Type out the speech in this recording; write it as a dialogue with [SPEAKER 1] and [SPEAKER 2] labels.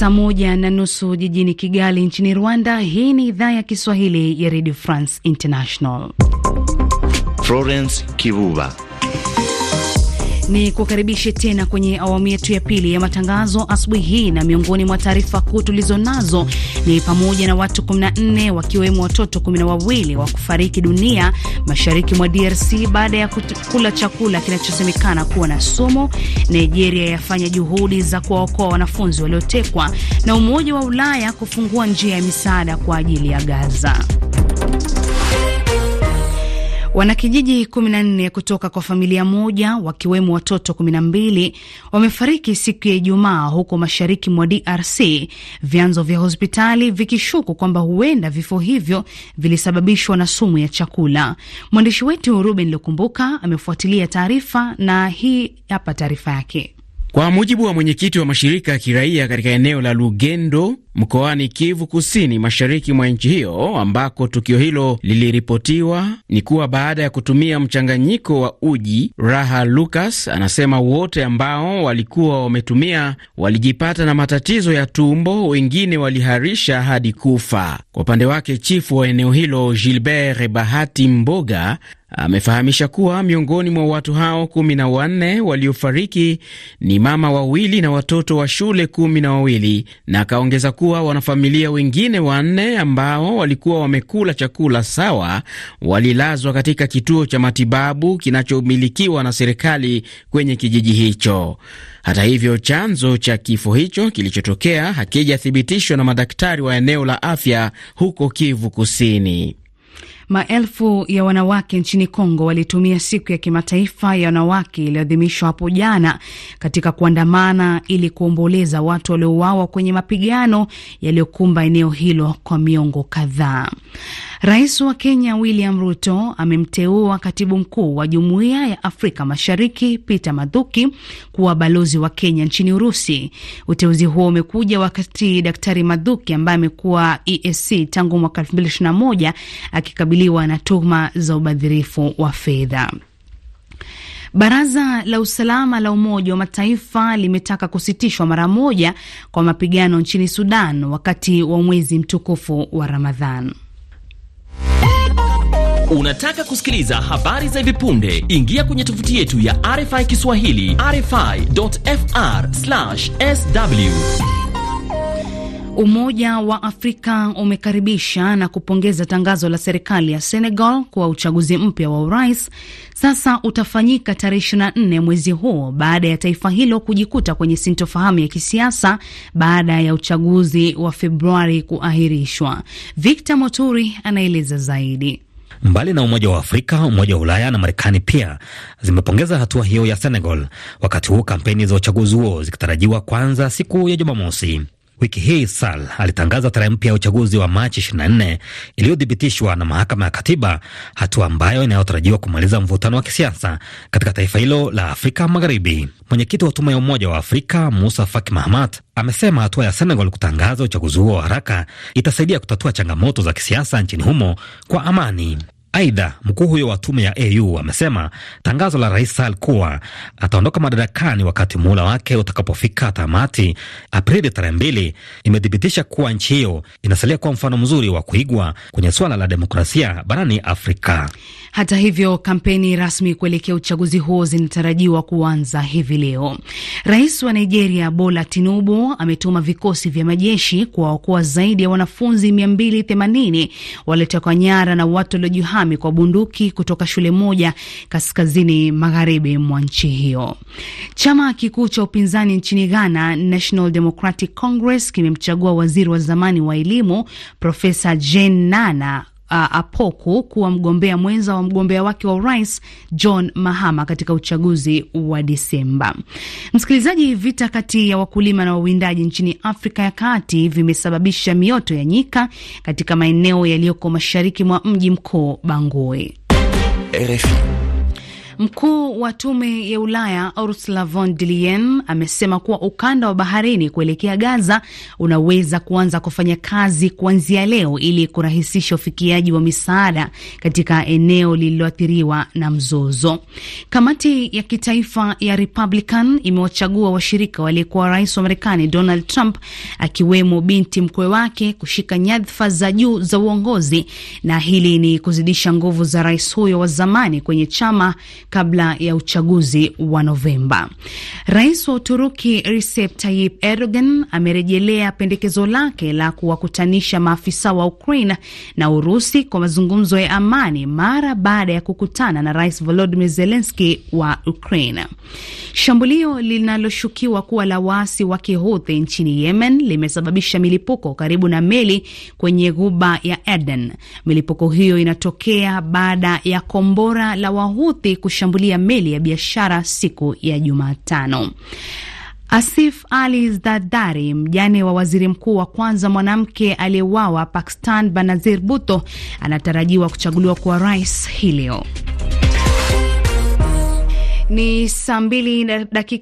[SPEAKER 1] Saa moja na nusu jijini Kigali nchini Rwanda. Hii ni idhaa ya Kiswahili ya Radio France International.
[SPEAKER 2] Florence Kivuva
[SPEAKER 1] ni kukaribishe tena kwenye awamu yetu ya pili ya matangazo asubuhi hii, na miongoni mwa taarifa kuu tulizo nazo ni pamoja na watu 14 wakiwemo watoto 1 wawili wa kufariki dunia mashariki mwa DRC baada ya kula chakula kinachosemekana kuwa na sumu, Nigeria yafanya juhudi za kuwaokoa wanafunzi waliotekwa, na Umoja wa Ulaya kufungua njia ya misaada kwa ajili ya Gaza. Wanakijiji 14 kutoka kwa familia moja wakiwemo watoto 12 wamefariki siku ya Ijumaa huko mashariki mwa DRC, vyanzo vya hospitali vikishuku kwamba huenda vifo hivyo vilisababishwa na sumu ya chakula. Mwandishi wetu Ruben Lukumbuka amefuatilia taarifa na hii hapa taarifa yake.
[SPEAKER 3] Kwa mujibu wa mwenyekiti wa mashirika ya kiraia katika eneo la Lugendo mkoani Kivu Kusini, mashariki mwa nchi hiyo ambako tukio hilo liliripotiwa, ni kuwa baada ya kutumia mchanganyiko wa uji, Raha Lucas anasema wote ambao walikuwa wametumia walijipata na matatizo ya tumbo, wengine waliharisha hadi kufa. Kwa upande wake, chifu wa eneo hilo Gilbert Bahati Mboga amefahamisha kuwa miongoni mwa watu hao kumi na wanne waliofariki ni mama wawili na watoto wa shule kumi na wawili na akaongeza kuwa wanafamilia wengine wanne ambao walikuwa wamekula chakula sawa walilazwa katika kituo cha matibabu kinachomilikiwa na serikali kwenye kijiji hicho. Hata hivyo, chanzo cha kifo hicho kilichotokea hakijathibitishwa na madaktari wa eneo la afya huko Kivu Kusini.
[SPEAKER 1] Maelfu ya wanawake nchini Kongo walitumia siku ya kimataifa ya wanawake iliyoadhimishwa hapo jana katika kuandamana ili kuomboleza watu waliouawa kwenye mapigano yaliyokumba eneo hilo kwa miongo kadhaa. Rais wa Kenya William Ruto amemteua katibu mkuu wa Jumuiya ya Afrika Mashariki Peter Mathuki kuwa balozi wa Kenya nchini Urusi. Uteuzi huo umekuja wakati Daktari Mathuki ambaye amekuwa EAC tangu mwaka 2021 akikabili kukabiliwa na tuhuma za ubadhirifu wa fedha. Baraza la usalama la Umoja wa Mataifa limetaka kusitishwa mara moja kwa mapigano nchini Sudan wakati wa mwezi mtukufu wa Ramadhan.
[SPEAKER 3] Unataka kusikiliza habari za hivi punde? Ingia kwenye tovuti yetu ya RFI Kiswahili, rfi.fr/sw.
[SPEAKER 1] Umoja wa Afrika umekaribisha na kupongeza tangazo la serikali ya Senegal kuwa uchaguzi mpya wa urais sasa utafanyika tarehe 24 mwezi huu baada ya taifa hilo kujikuta kwenye sintofahamu ya kisiasa baada ya uchaguzi wa Februari kuahirishwa. Victor Moturi anaeleza zaidi. Mbali
[SPEAKER 2] na Umoja wa Afrika, Umoja wa Ulaya na Marekani pia zimepongeza hatua hiyo ya Senegal, wakati huu kampeni za uchaguzi huo zikitarajiwa kwanza siku ya Jumamosi. Wiki hii Sal alitangaza tarehe mpya ya uchaguzi wa Machi 24 iliyothibitishwa na mahakama ya katiba, hatua ambayo inayotarajiwa kumaliza mvutano wa kisiasa katika taifa hilo la Afrika Magharibi. Mwenyekiti wa tume ya Umoja wa Afrika Musa Faki Mahamat amesema hatua ya Senegal kutangaza uchaguzi huo wa haraka itasaidia kutatua changamoto za kisiasa nchini humo kwa amani. Aidha, mkuu huyo wa tume ya AU amesema tangazo la rais Sall kuwa ataondoka madarakani wakati muhula wake utakapofika tamati Aprili tarehe mbili imethibitisha kuwa nchi hiyo inasalia kuwa mfano mzuri wa kuigwa kwenye suala la demokrasia barani Afrika.
[SPEAKER 1] Hata hivyo, kampeni rasmi kuelekea uchaguzi huo zinatarajiwa kuanza hivi leo. Rais wa Nigeria Bola Tinubu ametuma vikosi vya majeshi kuwaokoa zaidi ya wanafunzi 280 waliotekwa nyara na watu waliojihami kwa bunduki kutoka shule moja kaskazini magharibi mwa nchi hiyo. Chama kikuu cha upinzani nchini Ghana, National Democratic Congress, kimemchagua waziri wa zamani wa elimu Profesa Jane Nana uh, Apoku kuwa mgombea mwenza wa mgombea wake wa urais John Mahama katika uchaguzi wa Disemba. Msikilizaji, vita kati ya wakulima na wawindaji nchini Afrika ya Kati vimesababisha mioto ya nyika katika maeneo yaliyoko mashariki mwa mji mkuu Bangui. RFI Mkuu wa tume ya Ulaya Ursula von der Leyen amesema kuwa ukanda wa baharini kuelekea Gaza unaweza kuanza kufanya kazi kuanzia leo ili kurahisisha ufikiaji wa misaada katika eneo lililoathiriwa na mzozo. Kamati ya kitaifa ya Republican imewachagua washirika waliyekuwa rais wa Marekani Donald Trump, akiwemo binti mkwe wake kushika nyadhifa za juu za uongozi, na hili ni kuzidisha nguvu za rais huyo wa zamani kwenye chama kabla ya uchaguzi wa Novemba. Rais wa Uturuki Recep Tayyip Erdogan amerejelea pendekezo lake la kuwakutanisha maafisa wa Ukraine na Urusi kwa mazungumzo ya amani mara baada ya kukutana na Rais volodimir zelenski wa Ukraine. Shambulio linaloshukiwa kuwa la waasi wa kihuthi nchini Yemen limesababisha milipuko karibu na meli kwenye ghuba ya Aden. Milipuko hiyo inatokea baada ya kombora la Wahuthi kushambulia meli ya biashara siku ya Jumatano. Asif Ali Zardari, mjane wa waziri mkuu wa kwanza mwanamke aliyeuawa Pakistan, Banazir Bhutto, anatarajiwa kuchaguliwa kuwa rais hii leo. Ni saa mbili na dakika